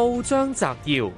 報章摘要：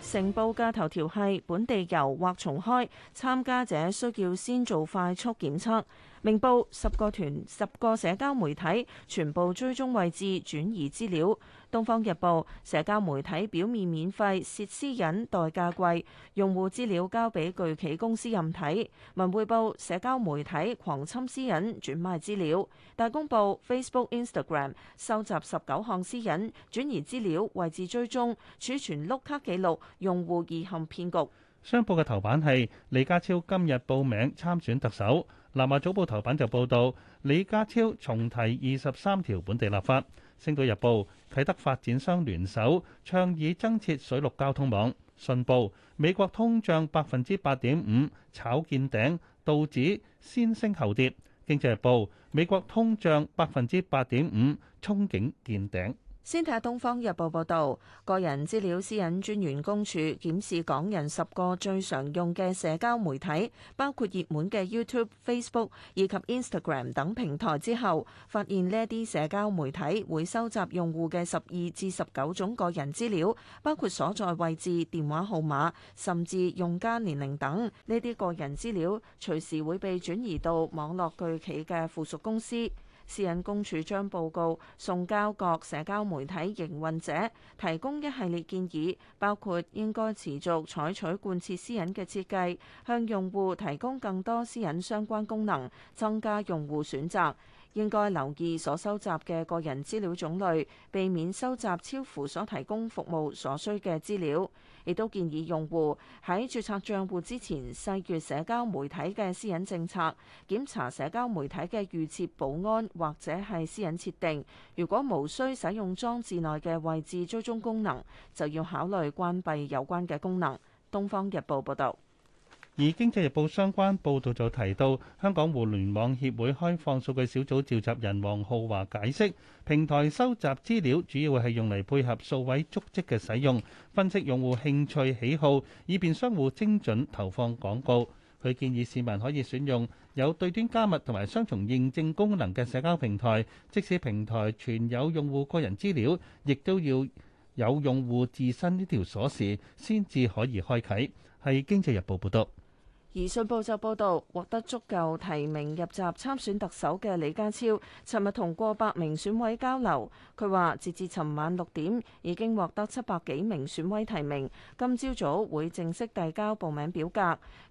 成報嘅頭條係本地遊或重開，參加者需要先做快速檢測。明報十個團、十個社交媒體全部追蹤位置轉移資料。東方日報社交媒體表面免費，涉私隱代價貴，用戶資料交俾巨企公司任睇。文匯報社交媒體狂侵私隱，轉賣資料。大公報 Facebook、Instagram 收集十九項私隱轉移資料、位置追蹤、儲存碌卡記錄，用戶易陷騙局。商報嘅頭版係李家超今日報名參選特首。南華早報頭版就報道李家超重提二十三條本地立法。星島日報啟德發展商聯手倡議增設水陸交通網。信報美國通脹百分之八點五炒見頂，道指先升後跌。經濟日報美國通脹百分之八點五憧憬見頂。先睇下《東方日報》報導，個人資料私隱專員公署檢視港人十個最常用嘅社交媒體，包括熱門嘅 YouTube、Facebook 以及 Instagram 等平台之後，發現呢啲社交媒體會收集用戶嘅十二至十九種個人資料，包括所在位置、電話號碼，甚至用家年齡等。呢啲個人資料隨時會被轉移到網絡巨企嘅附屬公司。私隱公署將報告送交各社交媒體營運者，提供一系列建議，包括應該持續採取貫徹私隱嘅設計，向用戶提供更多私隱相關功能，增加用戶選擇。應該留意所收集嘅個人資料種類，避免收集超乎所提供服務所需嘅資料。亦都建議用戶喺註冊賬戶之前，細閱社交媒體嘅私隱政策，檢查社交媒體嘅預設保安，或者係私隱設定。如果無需使用裝置內嘅位置追蹤功能，就要考慮關閉有關嘅功能。《東方日報》報道。而《經濟日報》相關報道就提到，香港互聯網協會開放數據小組召集人黃浩華解釋，平台收集資料主要係用嚟配合數位足跡嘅使用，分析用戶興趣喜好，以便商戶精準投放廣告。佢建議市民可以選用有對端加密同埋雙重認證功能嘅社交平台，即使平台存有用戶個人資料，亦都要有用戶自身呢條鎖匙先至可以開啓。係《經濟日報》報道。而《信報》就報導，獲得足夠提名入閘參選特首嘅李家超，尋日同過百名選委交流。佢話：截至尋晚六點，已經獲得七百幾名選委提名，今朝早會正式遞交報名表格。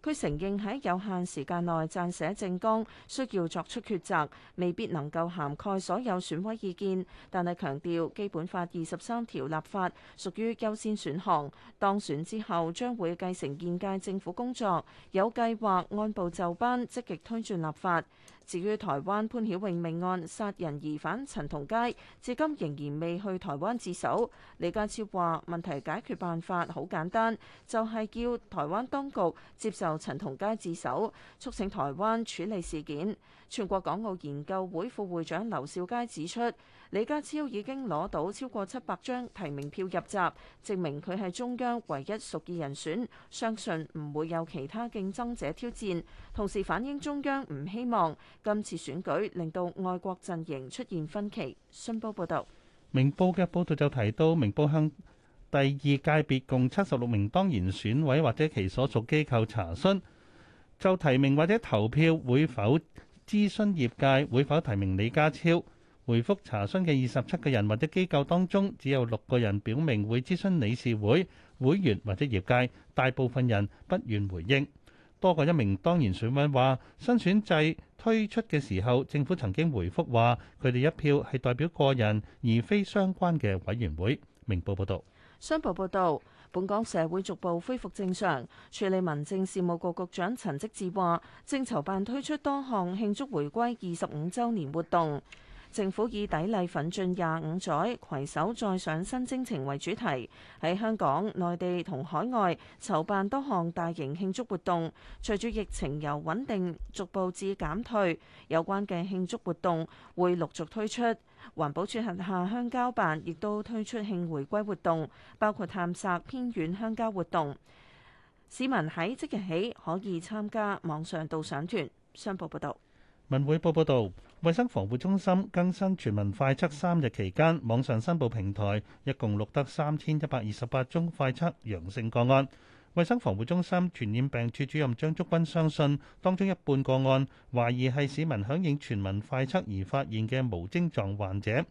佢承認喺有限時間內撰寫政綱需要作出抉擇，未必能夠涵蓋所有選委意見，但係強調《基本法》二十三條立法屬於優先選項，當選之後將會繼承現屆政府工作，有計劃按部就班，積極推進立法。至於台灣潘曉穎命案殺人疑犯陳同佳，至今仍然未去台灣自首。李家超話：問題解決辦法好簡單，就係、是、叫台灣當局接受陳同佳自首，促請台灣處理事件。全國港澳研究會副會長劉少佳指出。李家超已經攞到超過七百張提名票入閘，證明佢係中央唯一屬意人選，相信唔會有其他競爭者挑戰。同時反映中央唔希望今次選舉令到外國陣營出現分歧。信報報道：明報嘅報導就提到，明報向第二界別共七十六名當然選委或者其所屬機構查詢，就提名或者投票會否諮詢業界，會否提名李家超。回覆查詢嘅二十七個人或者機構當中，只有六個人表明會諮詢理事會會員或者業界，大部分人不願回應。多過一名當然選委話，新選制推出嘅時候，政府曾經回覆話，佢哋一票係代表個人，而非相關嘅委員會。明報報道。商報報道，本港社會逐步恢復正常。處理民政事務局局長陳積志話，正籌辦推出多項慶祝回歸二十五週年活動。政府以砥礪奮進廿五載、攜手再上新征程為主題，喺香港、內地同海外籌辦多項大型慶祝活動。隨住疫情由穩定逐步至減退，有關嘅慶祝活動會陸續推出。環保署轄下鄉郊辦亦都推出慶回歸活動，包括探索偏遠鄉郊活動。市民喺即日起可以參加網上導賞團。商報報道。文匯報報道。衛生防護中心更新全民快測三日期間，網上申報平台一共錄得三千一百二十八宗快測陽性個案。衛生防護中心傳染病處主任張竹君相信，當中一半個案懷疑係市民響應全民快測而發現嘅無症狀患者。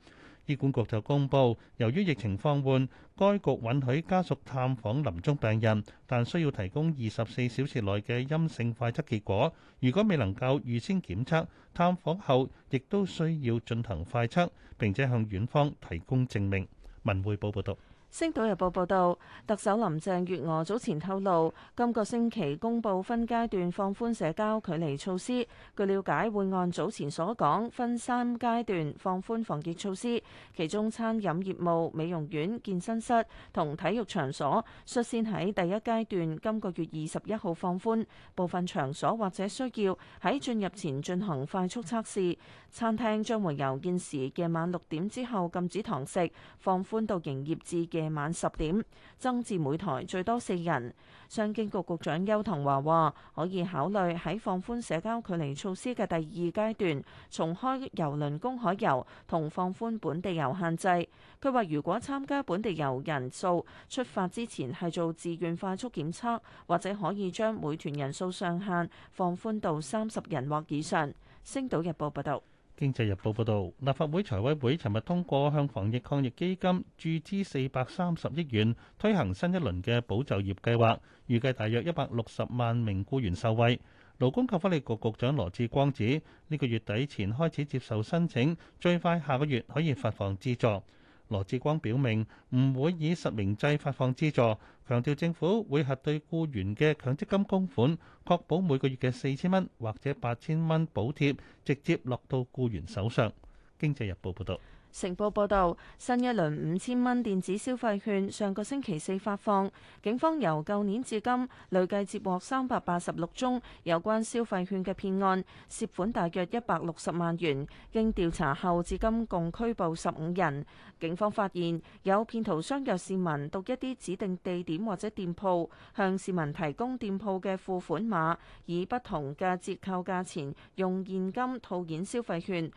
醫管局就公佈，由於疫情放緩，該局允許家屬探訪臨終病人，但需要提供二十四小時內嘅陰性快測結果。如果未能夠預先檢測，探訪後亦都需要進行快測，並且向院方提供證明。文匯報報道。《星島日報》報導，特首林鄭月娥早前透露，今個星期公布分階段放寬社交距離措施。據了解，會按早前所講，分三階段放寬防疫措施。其中，餐飲業務、美容院、健身室同體育場所，率先喺第一階段，今個月二十一號放寬。部分場所或者需要喺進入前進行快速測試。餐廳將會由現時夜晚六點之後禁止堂食，放寬到營業至嘅，夜晚十點，增至每台最多四人。商經局局長邱騰華話：可以考慮喺放寬社交距離措施嘅第二階段，重開郵輪公海遊同放寬本地遊限制。佢話：如果參加本地遊人數，出發之前係做自願快速檢測，或者可以將每團人數上限放寬到三十人或以上。星島日報報道。經濟日報報導，立法會財委會尋日通過向防疫抗疫基金注資四百三十億元，推行新一輪嘅保就業計劃，預計大約一百六十萬名僱員受惠。勞工及福利局局長羅致光指，呢、這個月底前開始接受申請，最快下個月可以發放資助。羅志光表明唔會以實名制發放資助，強調政府會核對僱員嘅強積金供款，確保每個月嘅四千蚊或者八千蚊補貼直接落到僱員手上。經濟日報報道。成報報導，新一輪五千蚊電子消費券上個星期四發放。警方由舊年至今累計接獲三百八十六宗有關消費券嘅騙案，涉款大約一百六十萬元。經調查後，至今共拘捕十五人。警方發現有騙徒相約市民到一啲指定地點或者店鋪，向市民提供店鋪嘅付款碼，以不同嘅折扣價錢用現金套現消費券。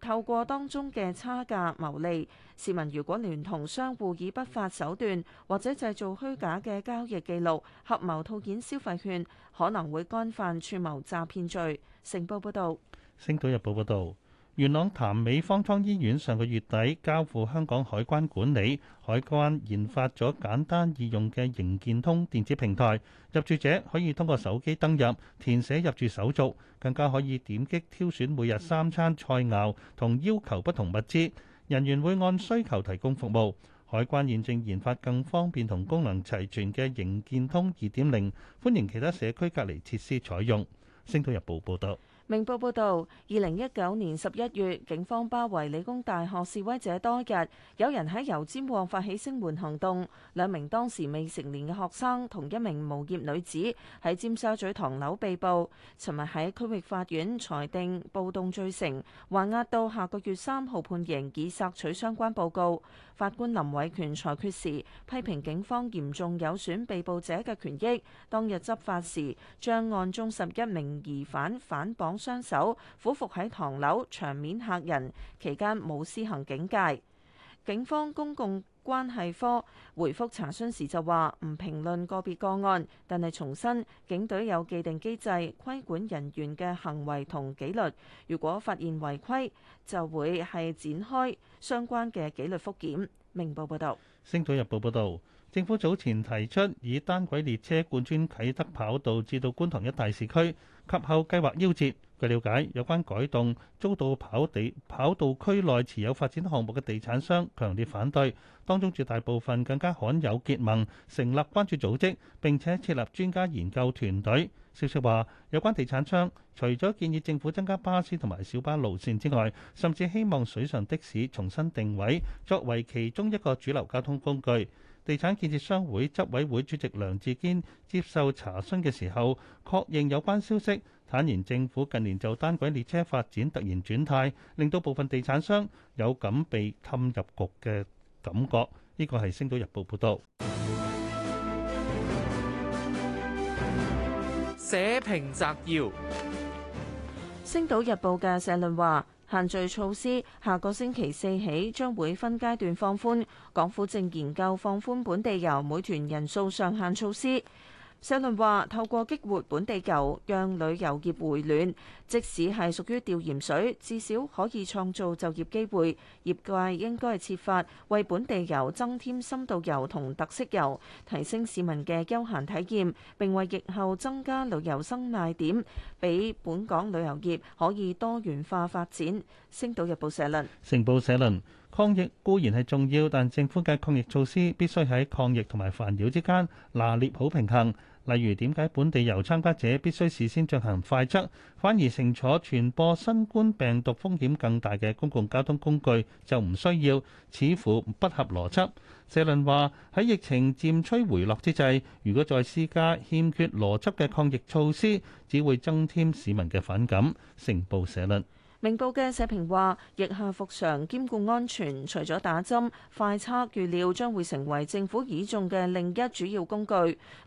透過當中嘅差價牟利，市民如果聯同商戶以不法手段或者製造虛假嘅交易記錄合謀套件消費券，可能會干犯串謀詐騙罪。成報報道。《星島日報》報道。元朗潭尾方艙醫院上個月底交付香港海關管理，海關研發咗簡單易用嘅營健通電子平台，入住者可以通過手機登入、填寫入住手續，更加可以點擊挑選每日三餐菜肴同要求不同物資，人員會按需求提供服務。海關現正研發更方便同功能齊全嘅營健通二點零，歡迎其他社區隔離設施採用。星島日報報道。明報報導，二零一九年十一月，警方包圍理工大學示威者多日，有人喺油尖旺發起聲援行動，兩名當時未成年嘅學生同一名無業女子喺尖沙咀唐樓被捕。尋日喺區域法院裁定暴動罪成，還押到下個月三號判刑，以索取相關報告。法官林偉權裁決時，批評警方嚴重有損被捕者嘅權益。當日執法時，將案中十一名疑犯反綁雙手俯伏喺唐樓，場面嚇人，期間冇施行警戒。警方公共關係科回覆查詢時就話：唔評論個別個案，但係重申警隊有既定機制規管人員嘅行為同紀律，如果發現違規，就會係展開相關嘅紀律覆檢。明報報道。《星島日報》報道，政府早前提出以單軌列車貫穿啟德跑道，至到觀塘一大市區。及後計劃夭折。據了解，有關改動遭到跑地跑道區內持有發展項目嘅地產商強烈反對，當中絕大部分更加罕有結盟，成立關注組織，並且設立專家研究團隊。消息話，有關地產商除咗建議政府增加巴士同埋小巴路線之外，甚至希望水上的士重新定位，作為其中一個主流交通工具。地產建設商會執委會主席梁志堅接受查詢嘅時候，確認有關消息，坦言政府近年就單軌列車發展突然轉態，令到部分地產商有感被氹入局嘅感覺。呢個係《星島日報》報道。社評摘要，《星島日報》嘅社論話。限聚措施下個星期四起將會分階段放寬，港府正研究放寬本地遊每團人數上限措施。社論話：透過激活本地遊，讓旅遊業回暖，即使係屬於吊鹽水，至少可以創造就業機會。業界應該係設法為本地遊增添深度遊同特色遊，提升市民嘅休閒體驗，並為疫後增加旅遊生賣點，俾本港旅遊業可以多元化發展。星島日報社論、成報社論。抗疫固然係重要，但政府嘅抗疫措施必須喺抗疫同埋煩擾之間拿捏好平衡。例如點解本地遊參加者必須事先進行快測，反而乘坐傳播新冠病毒風險更大嘅公共交通工具就唔需要，似乎不合邏輯。社論話喺疫情漸趨回落之際，如果再施加欠缺邏輯嘅抗疫措施，只會增添市民嘅反感。成報社論。明報嘅社評話，疫下復常兼顧安全，除咗打針快測預料將會成為政府倚重嘅另一主要工具。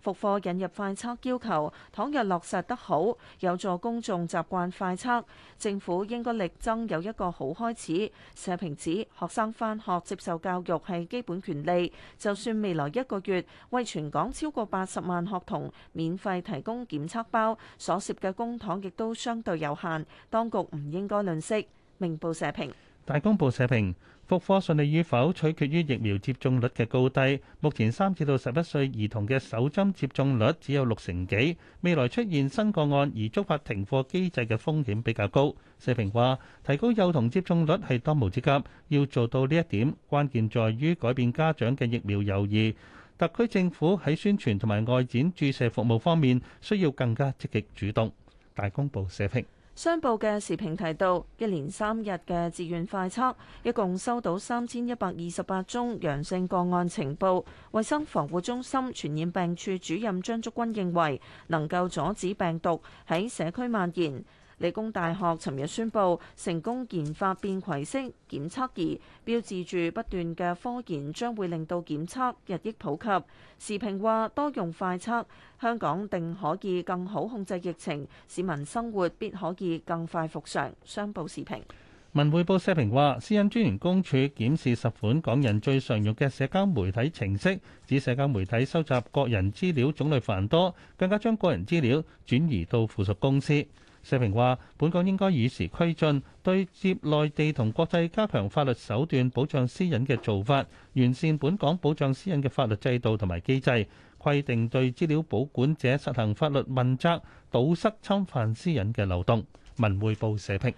復課引入快測要求，倘若落實得好，有助公眾習慣快測。政府應該力爭有一個好開始。社評指，學生返學接受教育係基本權利，就算未來一個月為全港超過八十萬學童免費提供檢測包，所涉嘅公帑亦都相對有限，當局唔應該。論色明報社評，大公報社評：復課順利與否取決於疫苗接種率嘅高低。目前三至到十一歲兒童嘅首針接種率只有六成幾，未來出現新個案而觸發停課機制嘅風險比較高。社評話：提高幼童接種率係當務之急，要做到呢一點，關鍵在於改變家長嘅疫苗猶豫。特區政府喺宣傳同埋外展注射服務方面，需要更加積極主動。大公報社評。商報嘅時評提到，一連三日嘅自願快測，一共收到三千一百二十八宗陽性個案情報。衛生防護中心傳染病處主任張竹君認為，能夠阻止病毒喺社區蔓延。理工大學尋日宣布成功研發便攜式檢測儀，標誌住不斷嘅科研將會令到檢測日益普及。時評話：多用快測，香港定可以更好控制疫情，市民生活必可以更快復常。商報時評。文匯報社評話：私隱專員公署檢視十款港人最常用嘅社交媒體程式，指社交媒體收集個人資料種類繁多，更加將個人資料轉移到附屬公司。社評話：本港應該與時俱進，對接內地同國際，加強法律手段保障私隱嘅做法，完善本港保障私隱嘅法律制度同埋機制，規定對資料保管者實行法律問責，堵塞侵犯私隱嘅漏洞。文匯報社評。